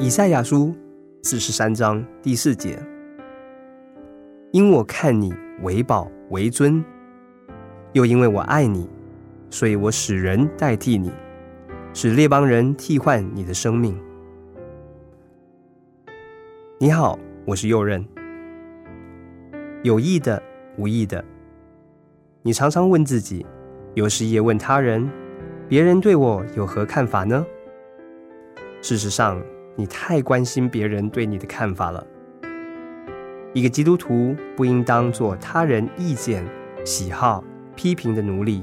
以賽亞書四十三章第四節：因我看你為寶為尊，又因為我愛你，所以我使人代替你，使列邦人替換你的生命。你好，我是右仁。有意的，無意的，你常常問自己，有時也問他人：別人對我有何看法呢？事實上。你太關心別人對你的看法了。一個基督徒不應當做他人意見、喜好、批評的奴隸。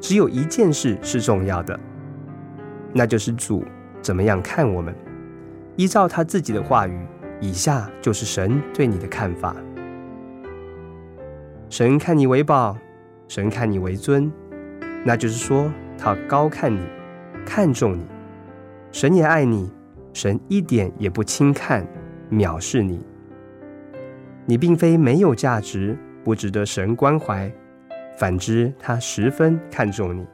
只有一件事是重要的，那就是主怎麼樣看我們。依照他自己的話語，以下就是神對你的看法：神看你為寶，神看你為尊，那就是說他高看你，看重你。神也愛你。神一點也不輕看、藐視你。你並非沒有價值，不值得神關懷；反之，他十分看重你。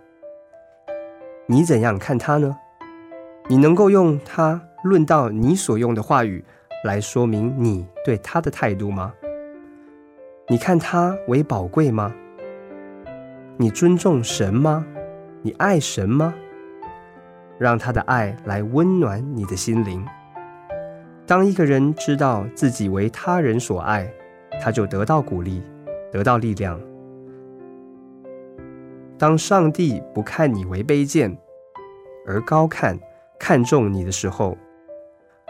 你怎樣看他呢？你能夠用他論到你所用的話語來說明你對他的態度嗎？你看他為寶貴嗎？你尊重神嗎？你愛神嗎？讓他的愛來溫暖你的心靈。當一個人知道自己為他人所愛，他就得到鼓勵，得到力量。當上帝不看你為卑賤，而高看、看重你的時候，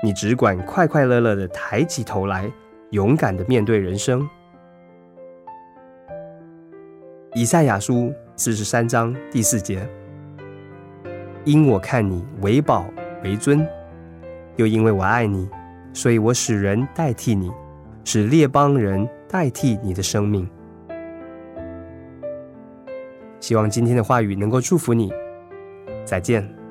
你只管快快樂樂的抬起頭來，勇敢的面對人生。以賽亞書四十三章第四節。因我看你為寶為尊，又因為我愛你，所以我使人代替你，使列邦人代替你的生命。希望今天的話語能夠祝福你，再見。